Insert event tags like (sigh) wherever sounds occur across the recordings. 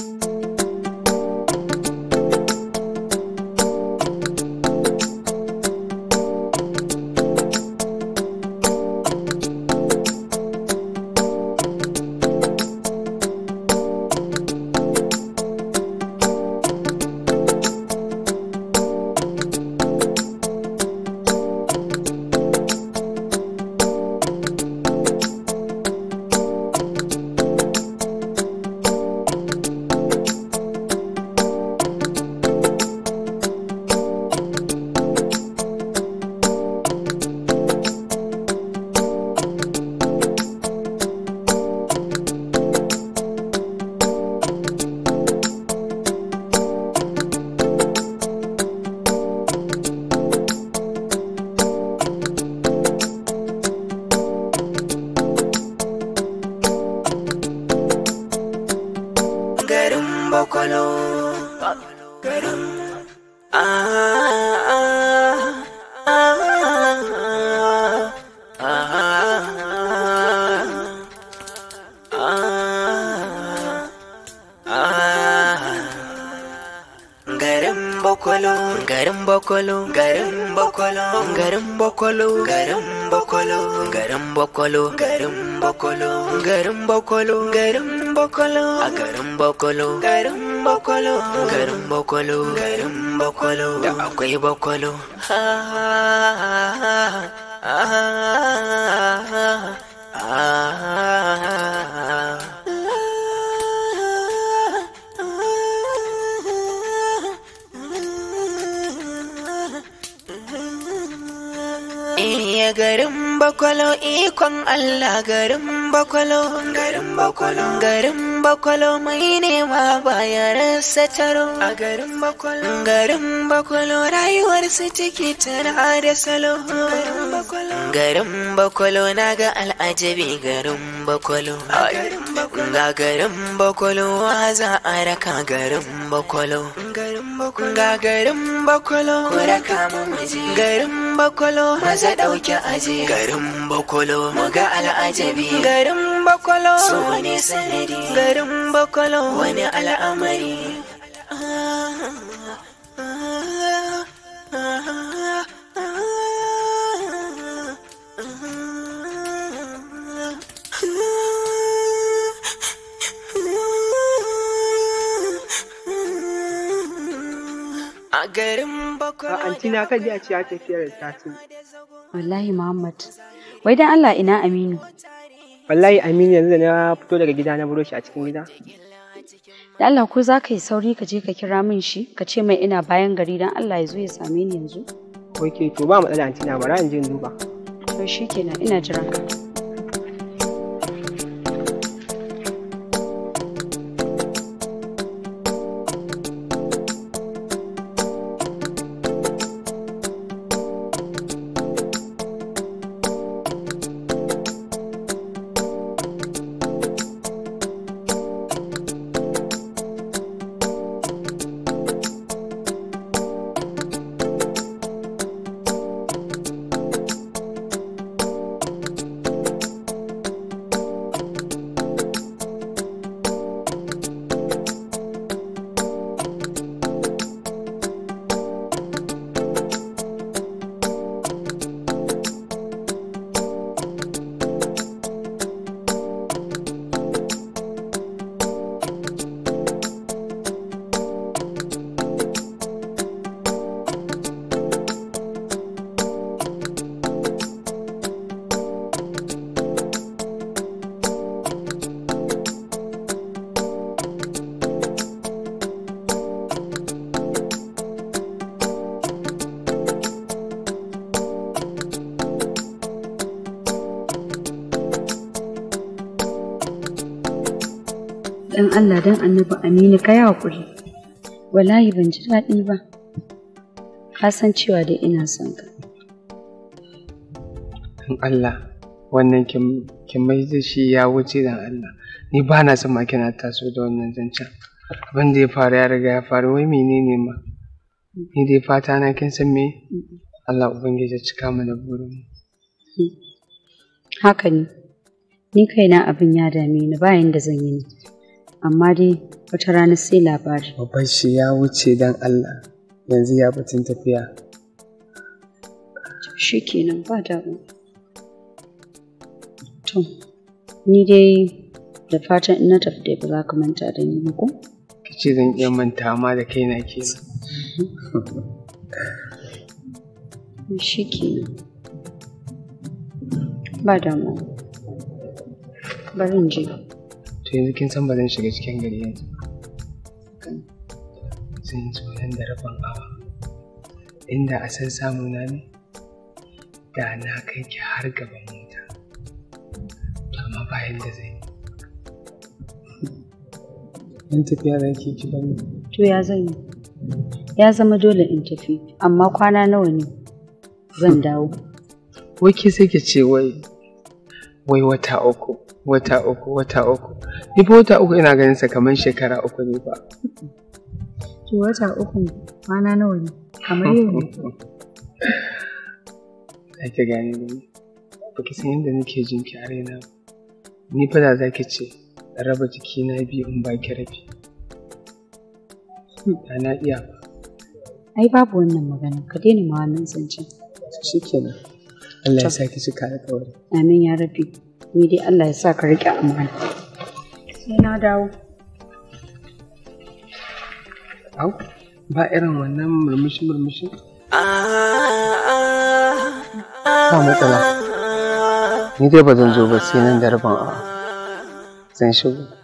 Thank you. bakwalo garin bakwalo garin bakwalo garin bakwalo garin bakwalo garin bokolo. a garin bakwalo garin bakwalo garin bokolo garin bakwalo da akwai ha ha ha ha ha garin bakwalo ikon Allah garin bakwalo garin bakwalo garin bakwalo mai nema baya rasa taro a garin bakwalo garin bakwalo rayuwar su ciki tana da salo garin bakwalo na ga al'ajabi garin bakwalo ga garin bakwalo wa za a raka garin bakwalo garin bakwalo ku raka mu muje garin bakwalo maza ɗauke aje garin bakwalo mu ga al'ajabi garin bakwalo so wani sanadi garin bakwalo wani al'amari abokina ka ji a ciya tafiyar ta ce. Wallahi Muhammad, wai dan Allah ina Aminu. Wallahi Aminu yanzu na fito daga gida na buro shi a cikin gida. Da Allah ko za ka yi sauri ka je ka kira min shi ka ce mai ina bayan gari dan Allah ya zo ya same ni yanzu. Ok to ba matsala na, bara in je in duba. To kenan ina jiran ka. Allah dan annabi Aminu ka yi hakuri. Wallahi ban ji daɗi ba. Ka san cewa da ina son ka. In Allah wannan kin mai da shi ya wuce dan Allah. Ni ba na son ma kina taso da wannan zancen. Abin da ya faru ya riga ya faru wai menene ma? Ni dai fata na kin san me? Allah Ubangiji ya cika mana burin. Haka ne. Ni kaina abin ya dame ni bayan da zan yi ni. amma dai wata rana sai labari. Babban shi ya wuce don Allah yanzu ya batun tafiya. Shi kenan ba damu. To, ni dai da fatan in na tafi dai ba za ka manta da ni ba ko? Kice zan iya manta amma da kaina ke. Shi kenan. Ba damu. Barin je. to yanzu kin san ba zan shiga cikin gari yanzu zan yi nan da rabon awa inda a san samu na ne da na kai ki har gaban mota to amma ba yadda zai yi in tafiya zan ki ki bani to ya zan yi ya zama dole in tafi amma kwana nawa ne zan dawo wai ke sai ki ce wai wai wata uku wata uku wata uku ni fa wata uku ina ganin sa kamar shekara uku ne ba ki wata uku kwana nawa ne kamar yau ne ki (laughs) gane ni ba ki san yadda nake jin ki are na ni fa da zaki ce raba jikina biyu in baki rabi hmm. da na iya ba ai babu wannan magana ka daina ma wannan zancen shikenan Allah ya saki shi kare kawai amin ya rabi ni dai Allah ya sa ka riƙe amana sai na dawo au ba irin wannan murmushi murmushi ba matsala ni dai ba zan zo ba sai nan da rabon awa zan shigo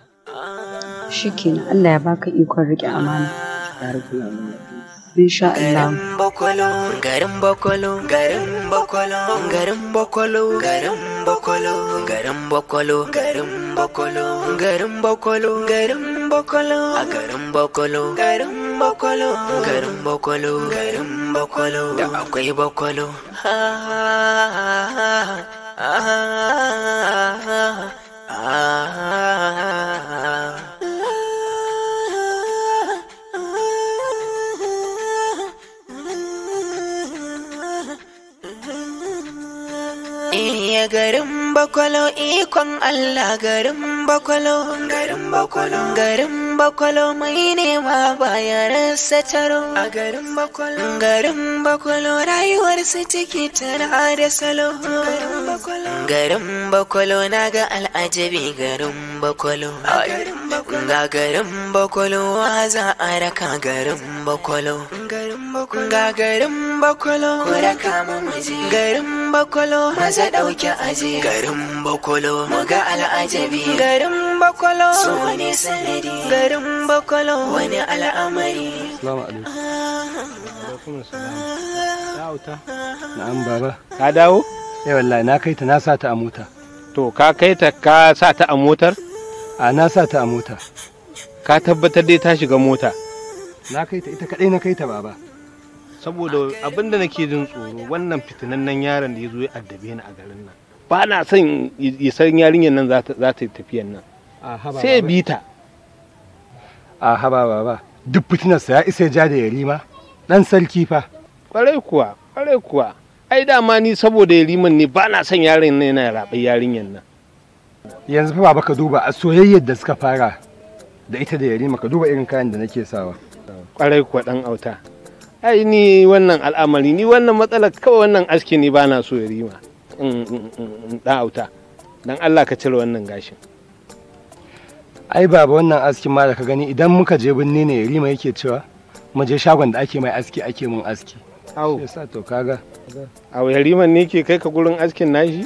Shi kenan Allah ya baka ikon riƙe amana ya riƙe amana insha Allah. Garin bakwalo, garin bakwalo, garin bakwalo, garin bakwalo, garin bakwalo garin bakwalo garin bakwalo garin bakwalo garin bakwalo a garin bakwalo garin bakwalo garin bakwalo garin bakwalo da akwai bakwalo ha ha ha ha ha bakwalo ikon Allah garin bakwalo garin bakwalo garin bakwalo mai nema ya rasa taro a garin bakwalo garin bakwalo rayuwar su ciki tana da salo garin bakwalo garin bakwalo na ga al'ajabi garin bakwalo ga garin bakwalo wa za a raka garin bakwalo ga garin bakwalo raka mamaji garin bakwalo maza ɗauki aje garin bakwalo muga al'ajabi garin bakwalo su wani sanadi garin bakwalo wani al'amari an ah, ah, ah. baba ka dawo ya eh, wallahi na kai ta na sa ta a mota to ka kai ta ka sa ta a motar a na sa ta a mota ka tabbatar dai ta shiga mota na kai ta ita kadai na kai ta baba saboda abin da nake jin tsoro wannan fitinannen yaron da ya zo ya addabe ni a garin nan ba na son ya san yarinyar nan za ta yi tafiyan nan sai bi ta a haba baba duk fitinarsa ya isa ja da yarima dan sarki fa kwarai kuwa kwarai kuwa ai dama ni saboda yariman ne ba na son yaron nan yana raɓar yarinyar nan yanzu fa baba ka duba a soyayyar da suka fara da ita da yarima ka duba irin kayan da nake sawa kwarai kuwa dan auta ai ni wannan al'amari ni wannan matsala kawai wannan aski ni bana so ya rima da auta dan Allah ka cire wannan gashin ai baba wannan askin ma da ka gani idan muka je binne ne ya rima yake cewa mu je shagon da ake mai aski ake mun aski au yasa to kaga au ya riman ne ke kai ka gurin askin nashi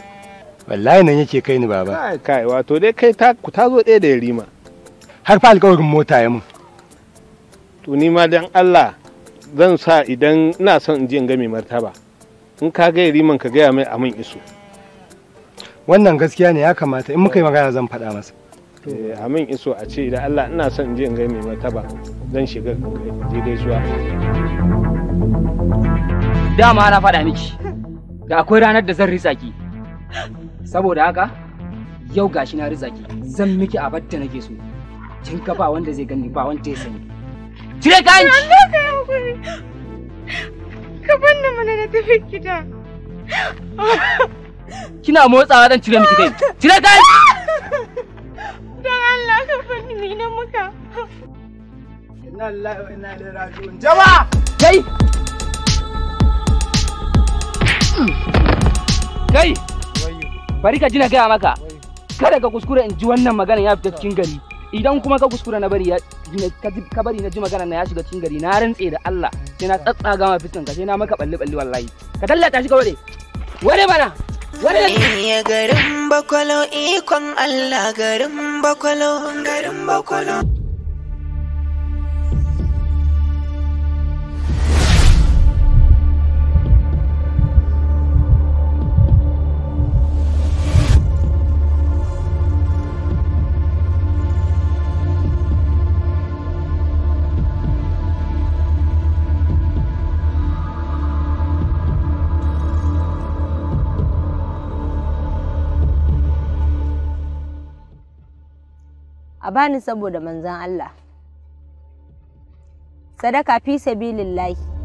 wallahi nan yake kai ni baba kai kai wato dai kai ta ku ta zo ɗaya da ya rima har fa alƙawarin mota ya mun to ni ma dan Allah zan sa idan ina son in je in ga mai martaba in ka ga riman ka gaya mai amin iso wannan gaskiya ne ya kamata in muka yi magana zan faɗa masa eh, amin iso a ce idan allah ina son in je in ga mai martaba zan shiga je gaisuwa dama na faɗa miki da akwai ranar da zan ritsa ki saboda haka yau gashi na ritsa zan miki abar da nake so kin ka ba wanda zai gani ba wanda ya sani Cire kayan ki. Allah ka hakuri. Ka banna mana na tafi gida. Kina motsawa dan cire miki kai. Cire ka ki. Don Allah ka fanni ni nan muka. Inna Allah wa inna ilaihi raji'un. Jama'a! Kai! Kai! Bari ka jina gaya maka. Kada ka kuskure in ji wannan magana ya fita cikin gari. idan kuma ka kuskura na bari ka bari na ji magana na ya shiga cikin gari na rantse da Allah sai na tsatsa ma fitan ka sai na maka balli balli wallahi ka tallata shi ka wade wade bana ne ya garin bakwalo ikon Allah garin bakwalo garin bakwalo bani saboda manzan Allah sadaka fi sabilillahi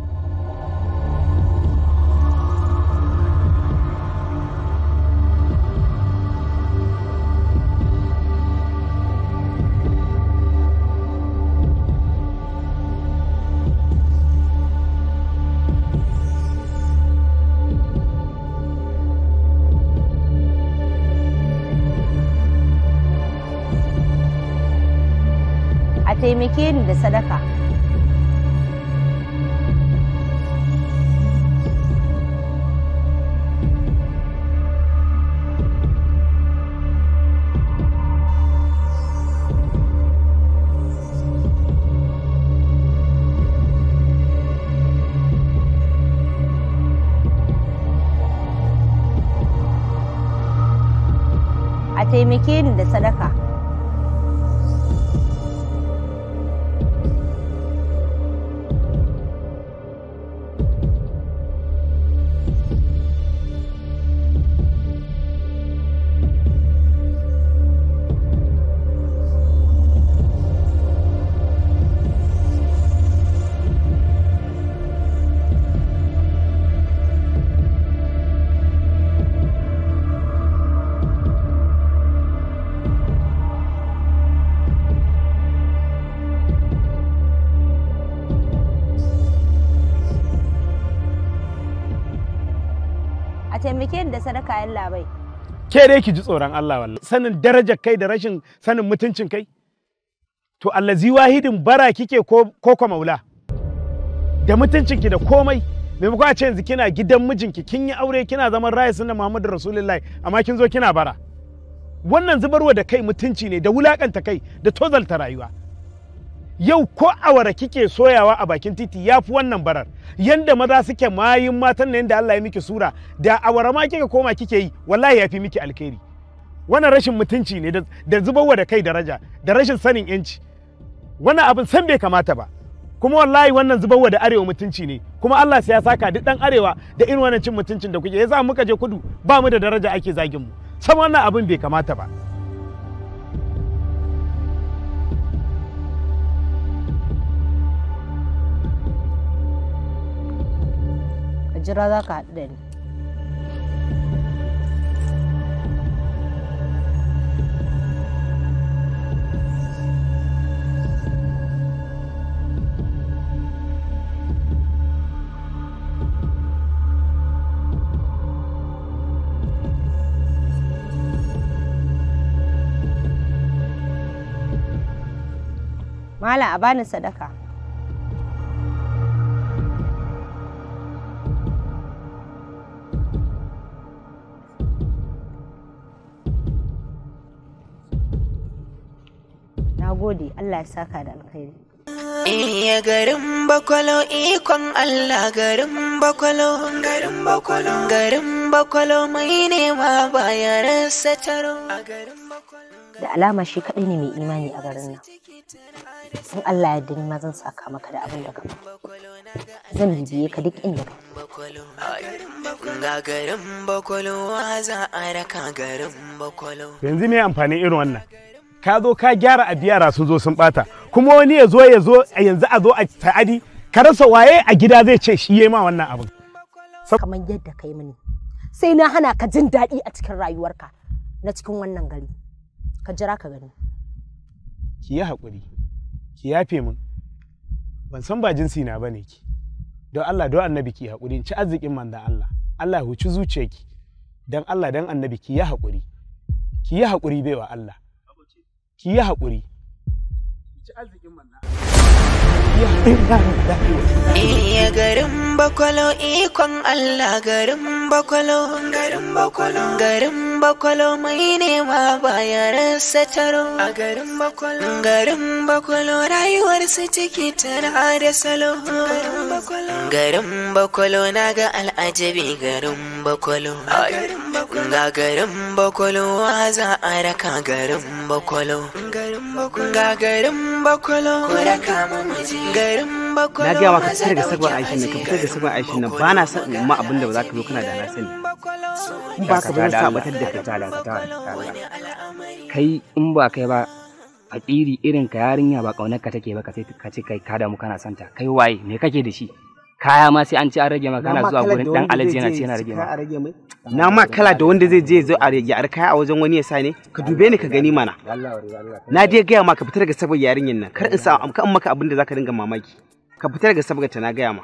taimake ni da sadaka taimake ni da sadaka taimake ni da sadaka yalla labai. ke dai ki ji tsoron Allah wallah. sanin darajar kai da rashin sanin mutuncin kai to allazi wahidin bara kike ko ko maula da mutuncinki da komai maimakon a ce yanzu kina gidan mijinki kin yi aure kina zaman raya sunna Muhammadu Rasulullahi amma kin zo kina bara wannan zubarwa da kai mutunci ne da wulakanta kai da tozalta rayuwa yau ko awara kike soyawa a bakin titi ya fi wannan barar yanda maza suke mayin matan na yanda Allah ya miki sura da awara ma kika koma kike yi wallahi ya fi miki alkhairi wannan rashin mutunci ne da zubarwa da kai daraja da rashin sanin yanci wannan abin san bai kamata ba kuma wallahi wannan zubarwa da arewa mutunci ne kuma Allah sai ya saka duk dan arewa da irin wannan cin mutuncin da kuke yasa muka je kudu ba mu da daraja ake zagin mu san wannan abin bai kamata ba وجردا كادن mala a bani sadaka gode Allah ya saka da alkhairi Iya garin bakwalo ikon Allah garin bakwalo garin bakwalo garin bakwalo mai nema baya rasa taro da alama shi kaɗai ne mai imani a garin nan in Allah ya dani ma zan saka maka da abin da ka zan bibiye ka duk inda ka ga raka garin bakwalo yanzu me amfani irin wannan ka zo ka gyara a biyara sun zo sun bata kuma wani ya zo ya zo yanzu a zo a ta'adi ka rasa waye a gida zai ce shi yayi ma wannan abin kamar yadda kai mini sai na hana ka jin daɗi a cikin rayuwarka na cikin wannan gari ka jira ka gani ki yi haƙuri ki yafe min ban san ba jinsi na bane ki don Allah don annabi ki haƙuri in ci arzikin da Allah Allah ya huci zuciyarki don Allah don annabi ki yi haƙuri ki yi haƙuri baiwa Allah ki yi haƙuri. ki Ci arzikin manna. Iya garin bakwalo ikon Allah garin bakwalo garin bakwalo garin bakwalo mai nema baya rasa taro a garin bakwalo garin bakwalo rayuwar su ciki tana da salo garin bakwalo na ga al'ajabi garin bakwalo ga garin bakwalo wa za a raka garin bakwalo garin bakwalo kura kama miji garin bakwalo na gaya maka fitar da sagwar aishin nan ka fitar da sagwar aishin nan ba na son in ma abin da ba za ka zo kana da na sani in ba ka ba sa batar da fita da fita kai in ba kai ba a tsiri irin ka yarinya ba kaunar ka take ba ka ce kai ka damu kana santa kai waye me kake da shi kaya ma sai an ci an rage maka kana zuwa gurin dan alaji yana ci yana rage maka na ma kala da wanda zai je zo a rage ar kaya a wajen wani ya ne ka dube ni ka gani mana na dai gaya ma ka fita daga sabar yarinyan nan kar in sa amka maka abin da zaka dinga mamaki ka fita daga sabar ta na gaya ma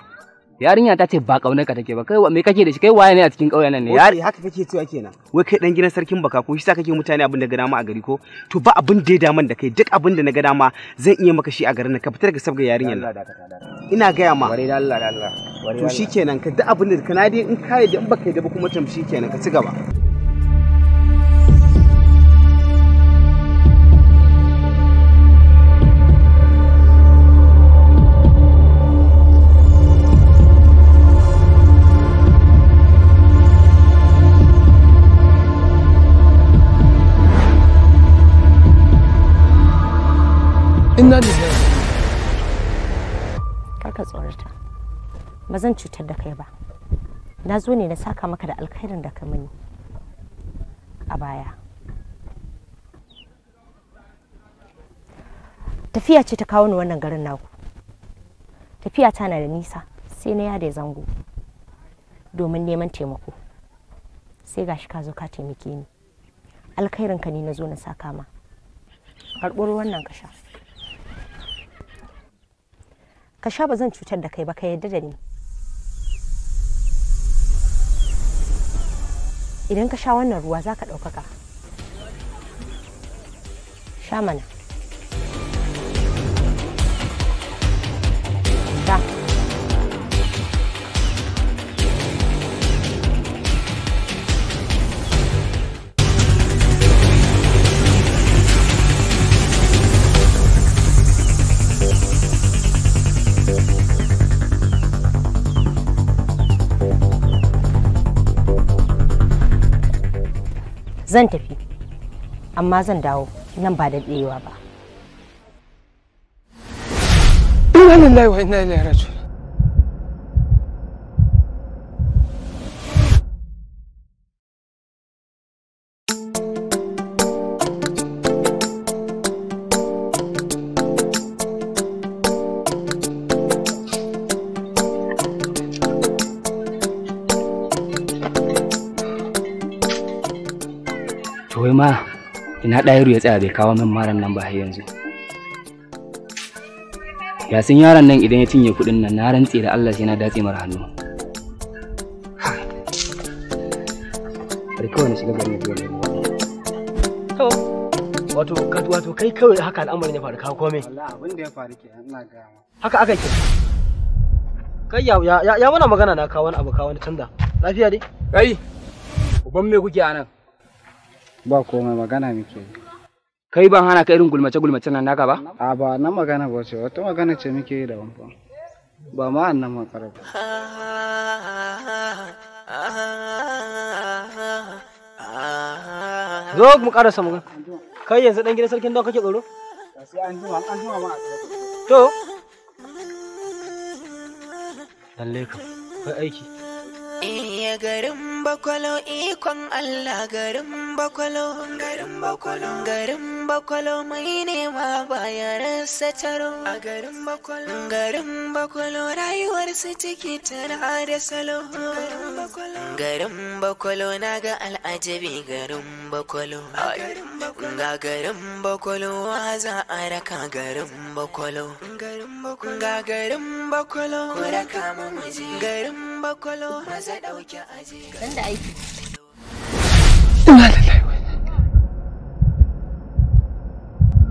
yarinya ta ce ba kaunar ka take ba kai me kake da shi kai waye ne a cikin ƙauyen nan ne yari haka kake cewa kenan wai kai dan gidan sarkin baka ko shi sa kake mutane abin da ga dama a gari ko to ba abin da ya daman da kai duk abin da na ga dama zan iya maka shi a garin nan ka fitar ga sabga yarinyar nan ina gaya ma ware da Allah da Allah to shikenan ka duk abin da kana dai in kai da in baka da kuma tamshi kenan ka ci gaba karka tsorata ba zan cutar da kai ba na zo ne na saka maka da alkhairin da ka mani a baya tafiya ce ta kawo ni wannan garin naku tafiya tana da nisa sai na yada zango domin neman taimako sai gashi ka zo ka taimake ni alkhairinka ne na zo na saka ma karɓar wannan ka sha ka sha ba zan cutar da kai ba ka yarda da ni idan ka sha wannan ruwa za ka ɗaukaka sha mana zan tafi amma zan dawo nan ba da daɗewa ba. Ina lillahi wa inna ilaihi rajo. ina ruwa ya tsaya bai kawo min maran nan ba har yanzu ya san yaron nan idan ya cinye kuɗin nan na rantse da Allah sai na datse mara hannu bari kawai na shiga garin dole to wato wato kai kawai haka al'amarin ya faru kawo komai Allah abin da ya faru ke ina ga haka aka ke kai ya ya ya mana magana na kawo wani abu kawo wani canza lafiya dai kai uban me kuke a nan ba komai magana muke kai ban hana ka irin gulmace gulmace nan naka ba a ba nan magana ba ce wata magana ce muke yi da wanfa ba ma annan makara ba zo mu karasa samu kai yanzu dan gidan sarkin dawa kake tsoro to Dan ka kai aiki garin bakwalo ikon Allah garin bakwalo garin bakwalo garin bakwalo mai nema baya rasa taro a garin bakwalo garin bakwalo rayuwar su ciki tana da salo garin bakwalo na ga al'ajabi garin bakwalo ga garin bakwalo za a raka garin bakwalo ga garin bakwalo raka mamaji garin dan bakwalo maza dauki aje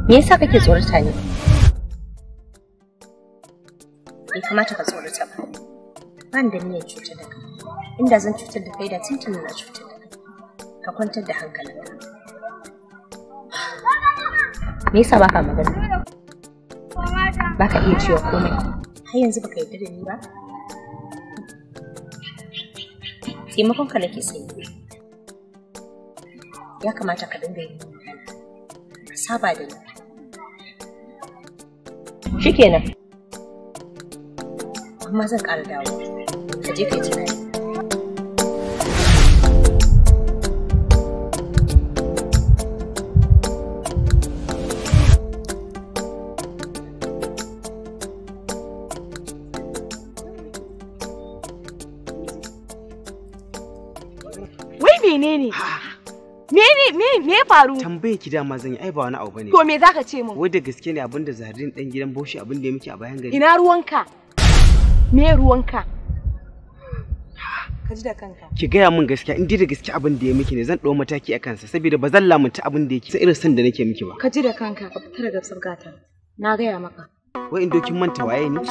Me yasa kake tsorata ne? Bai kamata ka tsorata ba. Ba da niyyar cutar da ka. Inda zan cutar da kai da tuntun na cutar da kai. Ka kwantar da hankalinka. Me yasa baka magana? Baka iya cewa komai. Har yanzu baka yarda da ni ba? taimakon ka nake sai ya kamata ka dinga yi ka saba da ni shikenan amma zan ƙara dawo ka je kai tunani Me ne me me faru? Tambaye ki dama zan yi ai ba wani abu bane. To me zaka ce min? Wai da gaske ne abinda Zarin dan gidan boshi abinda ya miki a bayan gari. Ina ruwanka? Me ruwanka? Ka ji da kanka. Ki gaya min gaskiya in da gaske abin da ya miki ne zan ɗau mataki a kansa saboda ba zan lamunta abin da yake sai irin san da nake miki ba. Ka ji da kanka ka fita daga sabgata. Na gaya maka. Wai in dokin manta waye ne?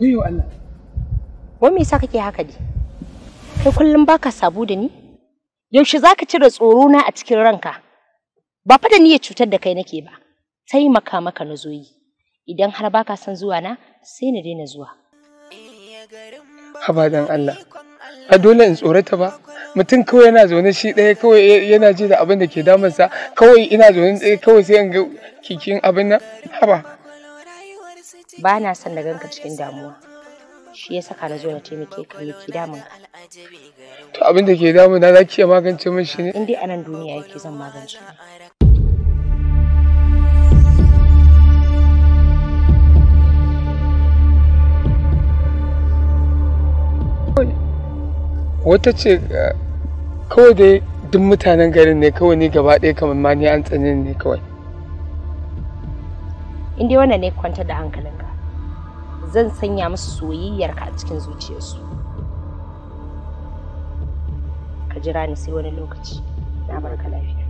Yiwu Allah. Wai me yasa kake haka dai? Kai kullum baka sabu da ni? Yaushe za ka cire tsoro na a cikin ranka? Ba fa da niyyar cutar da kai nake ba. Taimaka maka na zo yi. Idan har baka son zuwa na, sai na daina zuwa. Haba dan Allah. A dole in tsorata ba, mutum kawai yana zaune shi ɗaya kawai yana ji da abin da ke damunsa kawai ina zaune ɗaya kawai sai in ga kikin abin nan haba ba na son na ganka cikin damuwa shi ya saka na zo na taimake ka ki damun ka to abin da ke damu na za ki iya magance min shi ne in dai duniya yake zan magance wata ce eh, kawai dai duk mutanen garin ne kawai ni gaba ɗaya kamar ma ni an tsanin ne kawai in dai wannan ne kwantar da hankalin zan sanya musu soyayyarka a cikin zuciyarsu ka jira ni sai wani lokaci na barka lafiya